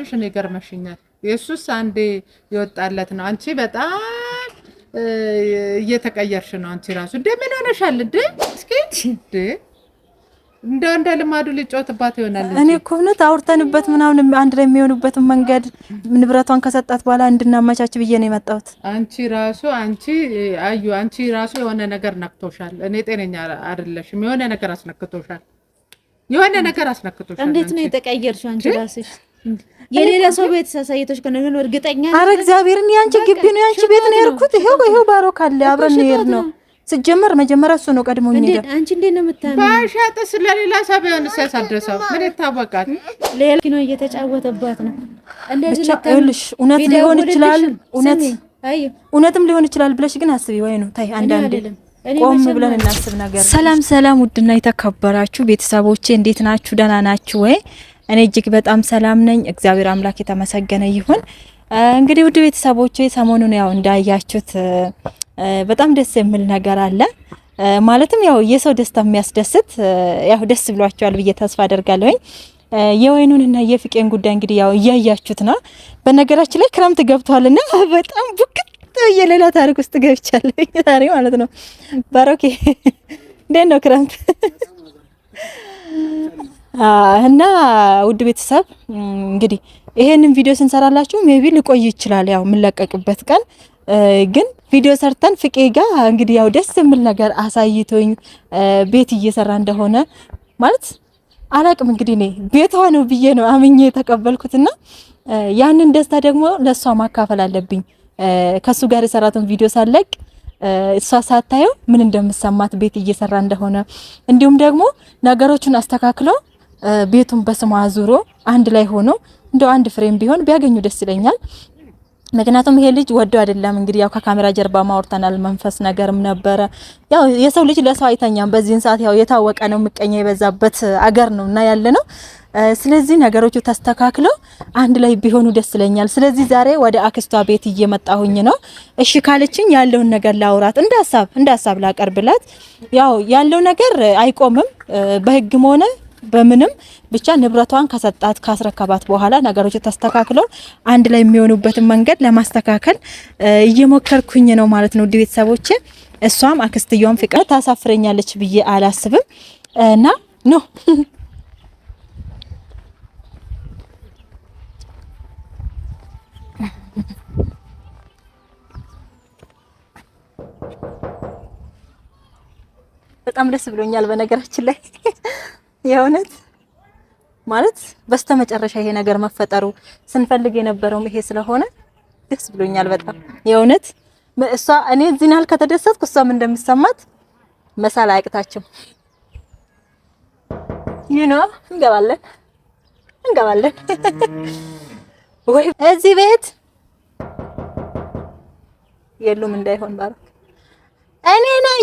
ትንሽ እኔ ገርመሽኛል። የእሱስ አንዴ የወጣለት ነው። አንቺ በጣም እየተቀየርሽ ነው። አንቺ ራሱ እንደ ምን ሆነሻል እንዴ? እስኪ እንዴ እንደ እንደ ልማዱ ሊጫወትባት ይሆናል። እኔ እኮ እውነት አውርተንበት ምናምን አንድ ላይ የሚሆኑበትን መንገድ ንብረቷን ከሰጣት በኋላ እንድናመቻች ብዬ ነው የመጣሁት። አንቺ ራሱ አንቺ አዩ አንቺ ራሱ የሆነ ነገር ነክቶሻል። እኔ ጤነኛ አይደለሽም። የሆነ ነገር አስነክቶሻል። የሆነ ነገር አስነክቶሻል። እንዴት ነው የተቀየርሽው አንቺ ራስሽ? የሌላ ሰው ቤት ሳሳየቶች ከነገን እርግጠኛ አረ እግዚአብሔርን ያንቺ ግቢ ነው ያንቺ ቤት ነው ያልኩት። ይሄው ይሄው ባሮክ አለ አብረን ነው የሄድነው። ስጀመር መጀመሪያ እሱ ነው ቀድሞ እንደ አንቺ እንዴት ነው የምታምነው? ባሻጥ ስለሌላ ሰው ቢሆን ሲያሳድረሰው ምን ይታወቃል? ሌላ ኪኖ እየተጫወተባት ነው እንደዚህ ልታልሽ እውነት ሊሆን ይችላል። እውነት አይ እውነትም ሊሆን ይችላል ብለሽ ግን አስቢ ወይ ነው ታይ አንዳንዴ ቆም ብለን እናስብ ነገር። ሰላም ሰላም፣ ውድና የተከበራችሁ ቤተሰቦቼ እንዴት ናችሁ? ደህና ናችሁ ወይ? እኔ እጅግ በጣም ሰላም ነኝ። እግዚአብሔር አምላክ የተመሰገነ ይሁን። እንግዲህ ውድ ቤተሰቦቼ ሰሞኑን ያው እንዳያችሁት በጣም ደስ የሚል ነገር አለ። ማለትም ያው የሰው ደስታ የሚያስደስት ያው ደስ ብሏቸዋል ብዬ ተስፋ አደርጋለሁኝ። የወይኑንና የፍቄን ጉዳይ እንግዲህ ያው እያያችሁት ነው። በነገራችን ላይ ክረምት ገብቷልና በጣም ቡቅጥ የሌላ ታሪክ ውስጥ ገብቻለሁ ዛሬ ማለት ነው። ባሮኬ እንዴት ነው ክረምት እና ውድ ቤተሰብ እንግዲህ ይሄንን ቪዲዮ ስንሰራላችሁ ሜቢ ልቆይ ይችላል፣ ያው የምንለቀቅበት ቀን ግን ቪዲዮ ሰርተን ፍቄ ጋር እንግዲህ ያው ደስ የሚል ነገር አሳይቶኝ ቤት እየሰራ እንደሆነ ማለት አላቅም እንግዲህ እኔ ቤቷ ነው ብዬ ነው አምኜ የተቀበልኩትና ያንን ደስታ ደግሞ ለእሷ ማካፈል አለብኝ። ከእሱ ጋር የሰራትን ቪዲዮ ሳለቅ እሷ ሳታየው ምን እንደምሰማት ቤት እየሰራ እንደሆነ እንዲሁም ደግሞ ነገሮቹን አስተካክለው ቤቱን በስሟ ዙሮ አንድ ላይ ሆኖ እንደው አንድ ፍሬም ቢሆን ቢያገኙ ደስ ይለኛል። ምክንያቱም ይሄ ልጅ ወዶ አይደለም እንግዲህ ያው ከካሜራ ጀርባ ማውርተናል። መንፈስ ነገርም ነበረ። ያው የሰው ልጅ ለሰው አይተኛም። በዚህን ሰዓት ያው የታወቀ ነው፣ ምቀኛ የበዛበት አገር ነው እና ያለ ነው። ስለዚህ ነገሮቹ ተስተካክለው አንድ ላይ ቢሆኑ ደስ ይለኛል። ስለዚህ ዛሬ ወደ አክስቷ ቤት እየመጣሁኝ ነው። እሺ ካለችኝ ያለውን ነገር ላውራት እንደ ሀሳብ እንደ ሀሳብ ላቀርብላት። ያው ያለው ነገር አይቆምም በህግም ሆነ በምንም ብቻ ንብረቷን ከሰጣት ካስረከባት በኋላ ነገሮች ተስተካክለው አንድ ላይ የሚሆኑበትን መንገድ ለማስተካከል እየሞከርኩኝ ነው ማለት ነው። ቤተሰቦች እሷም አክስትየዋም ፍቅር ታሳፍረኛለች ብዬ አላስብም እና ኖ በጣም ደስ ብሎኛል በነገራችን ላይ የእውነት ማለት በስተመጨረሻ ይሄ ነገር መፈጠሩ ስንፈልግ የነበረውም ይሄ ስለሆነ ደስ ብሎኛል በጣም የእውነት እሷ እኔ እዚህን ያህል ከተደሰትኩ እሷም እንደሚሰማት መሳል አያቅታችም። ዩ ኖ እንገባለን እንገባለን ወይ እዚህ ቤት የሉም እንዳይሆን ባረክ እኔ ነኝ።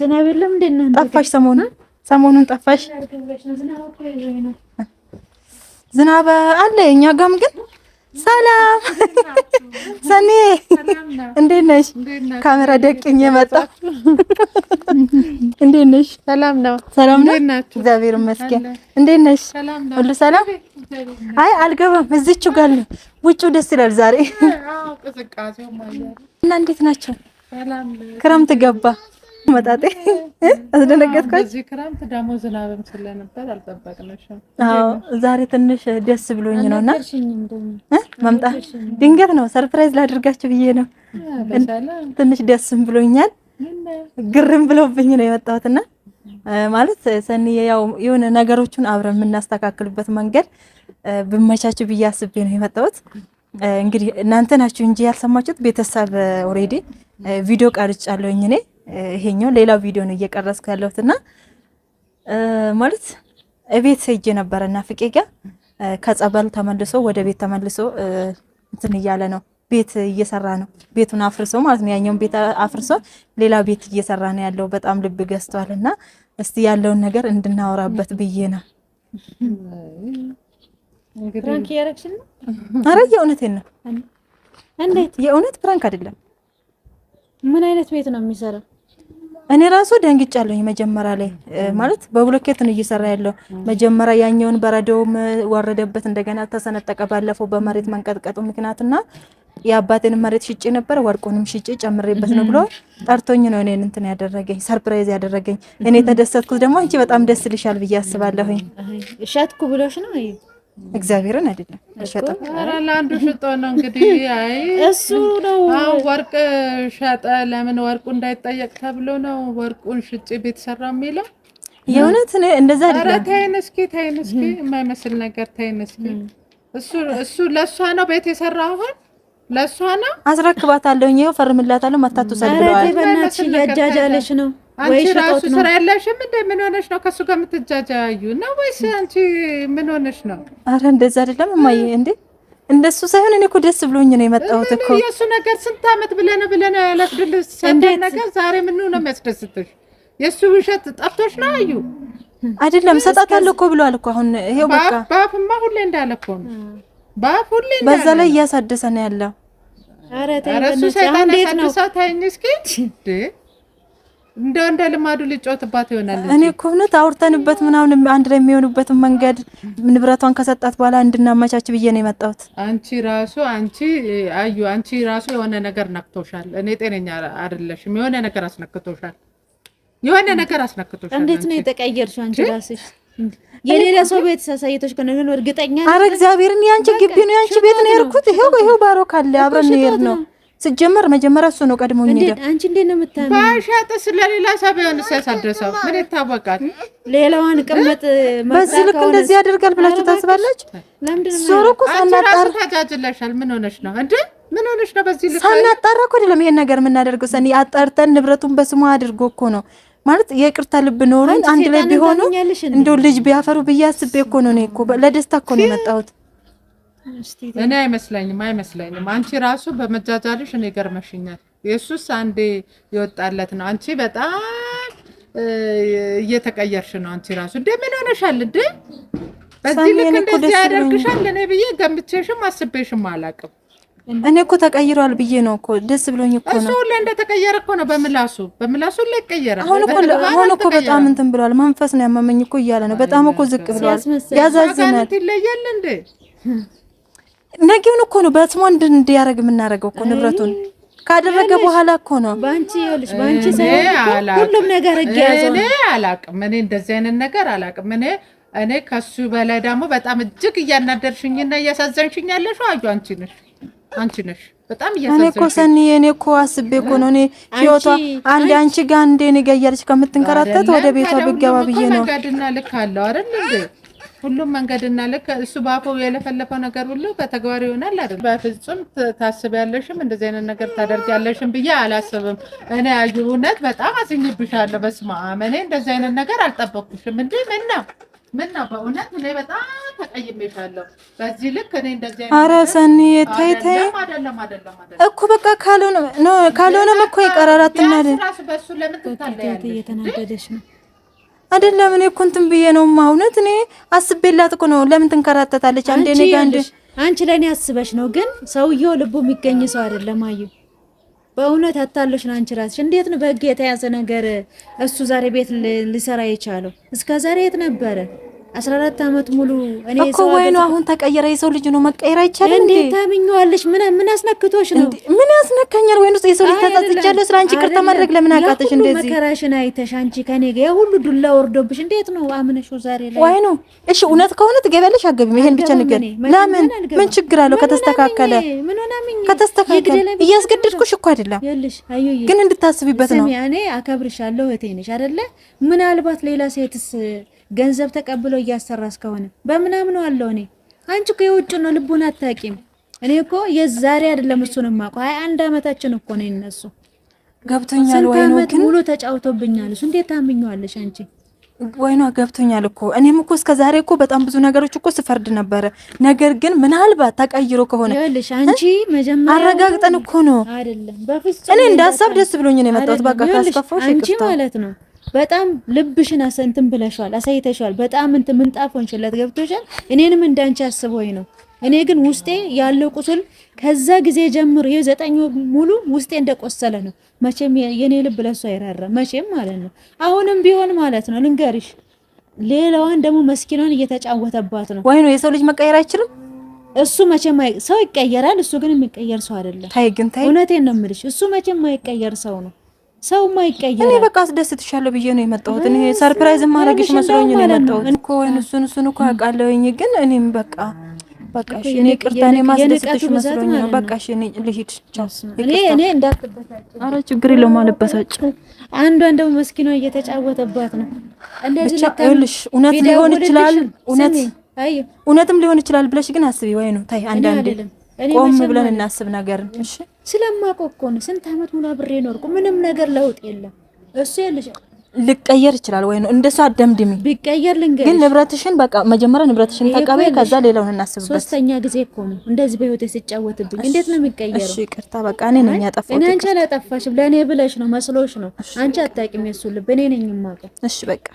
ዝናብ የለም። ጣፋሽ ነህ? ጠፋሽ? ሰሞኑን ሰሞኑን ጠፋሽ? ዝናብ አለ እኛ ጋም ግን ሰላም ሰኔ እንዴት ነሽ? ካሜራ ደቅኝ የመጣ እንዴት ነሽ? ሰላም ነው ሰላም ነው። እግዚአብሔር ይመስገን። እንዴት ነሽ? ሁሉ ሰላም? አይ አልገባም፣ እዚች ጋር ነው። ደስ ይላል ዛሬ እና እንዴት ናቸው? ክረምት ገባ መጣጤ አስደነገጥኳችሁ። ክረምት ደግሞ ዝናብም ስለነበር አልጠበቅንሽም። ዛሬ ትንሽ ደስ ብሎኝ ነውና መምጣት ድንገት ነው። ሰርፕራይዝ ላድርጋችሁ ብዬ ነው። ትንሽ ደስም ብሎኛል፣ ግርም ብሎብኝ ነው የመጣሁትና ማለት ሰኒ ያው የሆነ ነገሮቹን አብረን የምናስተካክልበት መንገድ ብመቻችሁ ብዬ አስቤ ነው የመጣሁት። እንግዲህ እናንተ ናችሁ እንጂ ያልሰማችሁት ቤተሰብ ኦልሬዲ ቪዲዮ ቀርጫለሁኝ እኔ ይሄኛው ሌላ ቪዲዮ ነው እየቀረስኩ ያለሁት እና ማለት እቤት ሄጄ ነበረ እና ፍቄ ጋር ከጸበል ተመልሶ ወደ ቤት ተመልሶ እንትን እያለ ነው ቤት እየሰራ ነው። ቤቱን አፍርሶ ማለት ነው ያኛውን ቤት አፍርሶ ሌላ ቤት እየሰራ ነው ያለው። በጣም ልብ ገዝቷል እና እስቲ ያለውን ነገር እንድናወራበት ብዬ ነው። ፕራንክ እያረግሽን ነው? አረ የእውነቴን ነው። እንዴት? የእውነት ፕራንክ አይደለም። ምን አይነት ቤት ነው የሚሰራው? እኔ ራሱ ደንግጫለሁ። መጀመሪያ ላይ ማለት በብሎኬት ነው እየሰራ ያለው። መጀመሪያ ያኛውን በረዶውም ወረደበት፣ እንደገና ተሰነጠቀ። ባለፈው በመሬት መንቀጥቀጡ ምክንያትና የአባቴን መሬት ሽጬ ነበር፣ ወርቁንም ሽጬ ጨምሬበት ነው ብሎ ጠርቶኝ ነው እኔን እንትን ያደረገኝ፣ ሰርፕራይዝ ያደረገኝ። እኔ የተደሰትኩት ደግሞ አንቺ በጣም ደስ ልሻል ብዬ አስባለሁኝ። እሸትኩ ብሎሽ ነው እግዚአብሔርን አይደለም ሸጠን ለአንዱ ሽጦ ነው እንግዲህ አይ እሱ ነው ወርቅ ሸጠ። ለምን ወርቁ እንዳይጠየቅ ተብሎ ነው ወርቁን ሽጭ ቤት ሰራ የሚለው የእውነት እንደዛ አይደለም። ተይን እስኪ ተይን እስኪ የማይመስል ነገር ተይን እስኪ። እሱ እሱ ለእሷ ነው ቤት የሰራ አሁን ለእሷ ነው አስረክባታለሁ። ይኸው ፈርምላታለሁ። ማታቱ ሰድብለዋል። በእናትሽ እያጃጃለሽ ነው አንቺ ራሱ ስራ ያለሽም እንደ ምን ሆነሽ ነው ከእሱ ጋር የምትጃጃዩ ነው ወይስ አንቺ ምን ሆነሽ ነው? አረ እንደዛ አይደለም እማዬ። እንዴ እንደሱ ሳይሆን እኔ እኮ ደስ ብሎኝ ነው የመጣሁት እኮ። የእሱ ነገር ስንት ዓመት ብለነ ብለነ ያላስደል ሰንዳይ ነገር ዛሬ ምን ነው የሚያስደስትሽ? የእሱ ውሸት ጠፍቶሽ ነው? አዩ አይደለም ሰጣታለሁ እኮ ብሏል እኮ አሁን ይሄው በቃ በአፍማ ሁሌ እንዳለ እኮ ነው። በአፍ ሁሌ እንዳለ በዛ ላይ እያሳደሰ ነው ያለው። አረ ተይ ነው ሰይጣን ነው ሰው ታይኝ እስኪ እንዴ እንደ እንደ ልማዱ ልጫወትባት ይሆናል። እኔ እኮ እውነት አውርተንበት ምናምን አንድ ላይ የሚሆኑበትን መንገድ ንብረቷን ከሰጣት በኋላ እንድናመቻች ብዬ ነው የመጣሁት። አንቺ ራሱ አንቺ አዩ አንቺ ራሱ የሆነ ነገር ነክቶሻል። እኔ ጤነኛ አይደለሽም። የሆነ ነገር አስነክቶሻል። የሆነ ነገር አስነክቶሻል። እንዴት ነው የተቀየርሽው አንቺ ራስሽ? የሌላ ሰው ቤት ሳሳይቶች ከነ እርግጠኛ። አረ እግዚአብሔርን ያንቺ ግቢ ነው ያንቺ ቤት ነው የሄድኩት። ይሄው ይሄው ባሮክ አለ አብረን ነው የሄድነው ስጀመር መጀመሪያ እሱ ነው ቀድሞ የሚሄደው። አንቺ እንዴ ነው ምታ ባሻጠ ስለሌላ ሳቢያን ሲያሳድረሰው ምን ይታወቃል? ሌላዋን ቅመጥ በዚህ ልክ እንደዚህ ያደርጋል ብላችሁ ታስባለች? ዞሮ እኮ ሳናጣራ ታጃጅለሻል። ምን ሆነሽ ነው እንዴ? ምን ሆነሽ ነው? በዚህ ልክ ሳናጣራ እኮ አይደለም ይሄን ነገር የምናደርገው። ሰኒ አጣርተን ንብረቱን በስሙ አድርጎ እኮ ነው ማለት የቅርታ ልብ ኖሮን አንድ ላይ ቢሆኑ እንደው ልጅ ቢያፈሩ ብዬ አስቤ እኮ ነው። እኔ እኮ ለደስታ እኮ ነው የመጣሁት እኔ አይመስለኝም አይመስለኝም። አንቺ ራሱ በመጃጃልሽ እኔ ገርመሽኛል። የሱስ አንዴ ይወጣለት ነው። አንቺ በጣም እየተቀየርሽ ነው። አንቺ ራሱ እንደ ምን ሆነሻል እንዴ? በዚህ ልክ እንደዚህ ያደርግሻል? እኔ ብዬ ገምቼሽም አስቤሽም አላቅም። እኔ እኮ ተቀይሯል ብዬ ነው እኮ ደስ ብሎኝ እኮ ነው። እሱ ሁሌ እንደተቀየረ እኮ ነው። በምላሱ በምላሱ ላይ ይቀየራል። አሁን እኮ አሁን እኮ በጣም እንትን ብሏል። መንፈስ ነው ያመመኝ እኮ እያለ ነው። በጣም እኮ ዝቅ ብሏል። ያዛዝናል። ይለያል እንዴ ነገውን እኮ ነው በስሞ እንዲያደርግ የምናደርገው እኮ ንብረቱን ካደረገ በኋላ እኮ ነው። ባንቺ ይኸውልሽ፣ ባንቺ ሳይሆን ሁሉም ነገር እያያዘው እኔ አላቅም። እኔ እንደዚህ አይነት ነገር አላቅም። እኔ እኔ ከሱ በላይ ደግሞ በጣም እጅግ እያናደርሽኝና እያሳዘንሽኝ ያለሽው አዩ አንቺ ነሽ፣ አንቺ ነሽ። በጣም እያሳዘንሽ እኔ እኮ ሰኒ፣ እኔ እኮ አስቤ እኮ ነው እኔ ህይወቷ አንድ አንቺ ጋር እንደ እኔ ጋር እያለች ከምትንከራተት ወደ ቤቷ ብገባ ብዬ ነው። መንገድና ልክ አለው አይደል እንዴ ሁሉም መንገድና ልክ እሱ በአፎ የለፈለፈው ነገር ሁሉ በተግባር ይሆናል አይደል? በፍጹም ታስቢያለሽም እንደዚህ አይነት ነገር ታደርጊያለሽም ብዬ አላስብም። እኔ አዩ እውነት በጣም አዝኝብሻለሁ። በስመ አብ እኔ እንደዚህ አይነት ነገር አልጠበቅኩሽም። እንዴ ምን ነው ምን ነው በእውነት እኔ በጣም ተቀይሜሻለሁ። በዚህ ልክ እኔ እንደዚህ አይነት ኧረ ሰኒዬ ተይ ተይ እኮ በቃ ካልሆነ ነው ካልሆነም እኮ ይቀራራትና ለምን ትታለያለሽ? እየተናደደሽ ነው አይደለም እኔ እኮ እንትን ብዬ ነው ማውነት እኔ አስቤላት እኮ ነው። ለምን ትንከራተታለች? አንዴ ነገ አንዴ አንቺ ለእኔ አስበሽ ነው። ግን ሰውየው ልቡ የሚገኝ ሰው አይደለም። አዩ በእውነት አታለሽ ነው። አንቺ ራስሽ እንዴት ነው በህግ የተያዘ ነገር እሱ ዛሬ ቤት ሊሰራ የቻለው? እስከ ዛሬ የት ነበረ? 14 አመት ሙሉ እኔ እኮ ወይ ነው አሁን ተቀየረ። የሰው ልጅ ነው መቀየር አይቻልም እንዴ? ታምኛዋለሽ? ምን ምን አስነክቶሽ ነው? ምን ያስነካኛል? ወይ ነው የሰው ልጅ ተጸጽቻለሁ። ስለ አንቺ ይቅርታ ማድረግ ለምን አቃተሽ? እንደዚህ መከራሽን አይተሽ አንቺ ከኔ ጋር ሁሉ ዱላ ወርዶብሽ እንዴት ነው አምነሽው ዛሬ ላይ? ወይ ነው እሺ፣ እውነት ከሆነ ትገቢያለሽ አገቢም። ይሄን ብቻ ንገር። ለምን ምን ችግር አለው? ከተስተካከለ ምን ከተስተካከለ እያስገደድኩሽ እኮ አይደለም፣ ይልሽ። አዩ ግን እንድታስቢበት ነው። እኔ አከብርሻለሁ። እህቴ ነሽ አይደለ? ምናልባት ሌላ ሴትስ ገንዘብ ተቀብለው ብለው እያሰራ እስከሆነ በምናምኑ አለው። እኔ አንቺ እኮ የውጭ ነው ልቡን አታቂም። እኔ እኮ የዛሬ አይደለም እሱን ማቆ ሀያ አንድ አመታችን እኮ ነው ይነሱ ገብቶኛል። ወይ ነው ግን ሙሉ ተጫውቶብኛል እሱ። እንዴት ታምኘዋለሽ አንቺ? ወይ ነው ገብቶኛል እኮ እኔም እኮ እስከ ዛሬ እኮ በጣም ብዙ ነገሮች እኮ ስፈርድ ነበረ። ነገር ግን ምናልባት ተቀይሮ ከሆነ ይኸውልሽ፣ አንቺ መጀመሪያ አረጋግጠን እኮ ነው አይደለም። በፍጹም እኔ እንዳሳብ ደስ ብሎኝ ነው የመጣሁት። በቃ ካስከፋሽ አንቺ ማለት ነው በጣም ልብሽን እንትን ብለሻል፣ አሳይተሻል። በጣም እንትን ምንጣፍ ሆንሽለት ገብቶሻል። እኔንም እንዳንቺ አስቦኝ ነው። እኔ ግን ውስጤ ያለው ቁስል ከዛ ጊዜ ጀምሮ ይሄ ዘጠኝ ሙሉ ውስጤ እንደቆሰለ ነው። መቼም የኔ ልብ ለሱ አይራራ መቼም ማለት ነው። አሁንም ቢሆን ማለት ነው ልንገርሽ። ሌላዋን ደግሞ መስኪኗን እየተጫወተባት ነው ወይ ነው። የሰው ልጅ መቀየር አይችልም። እሱ መቼም ሰው ይቀየራል፣ እሱ ግን የሚቀየር ሰው አይደለም። ታይ ግን ታይ፣ እውነቴን ነው የምልሽ። እሱ መቼም የማይቀየር ሰው ነው። ሰው ማይቀየር እኔ በቃ አስደስትሻለሁ ብዬ ነው የመጣሁት። እኔ ሰርፕራይዝ ማድረግሽ መስሎኝ ነው የመጣሁት እኮ ወይ እሱን እሱን እኮ አውቃለሁኝ፣ ግን እኔም በቃ በቃ እሺ፣ እኔ ቅርታ፣ እኔ ማስደስትሽ መስሎኝ ነው። በቃ እሺ፣ እኔ ልሂድ። እኔ እኔ እንዳትበሳጭ። ኧረ ችግር የለውም አልበሳጭ። አንዷ እንደው መስኪኗ እየተጫወተባት ነው እንደዚህ። ልታልሽ እውነት ሊሆን ይችላል እውነት እውነትም ሊሆን ይችላል ብለሽ ግን አስቢ ወይ ነው ታይ። አንዳንዴ ቆም ብለን እናስብ ነገርን እሺ ስለማቆቆን ስንት አመት ሙሉ አብሬ ኖርኩ። ምንም ነገር ለውጥ የለም። እሱ ያልሽ ልቀየር ይችላል ወይ ነው እንደሱ አደምድሚ። ቢቀየር ልንገር፣ ግን ንብረትሽን በቃ መጀመሪያ ንብረትሽን ተቀበይ፣ ከዛ ሌላውን እናስብበት። ሶስተኛ ጊዜ እኮ ነው እንደዚህ በህይወት ሲጫወትብኝ፣ እንዴት ነው የሚቀየረው? እሺ ይቅርታ፣ በቃ እኔ ነኝ ያጠፋሁት። እኔ አንቺ አላጠፋሽም። ለእኔ ብለሽ ነው መስሎሽ ነው። አንቺ አታውቂም የእሱን ልብ፣ እኔ ነኝ የማውቀው። እሺ በቃ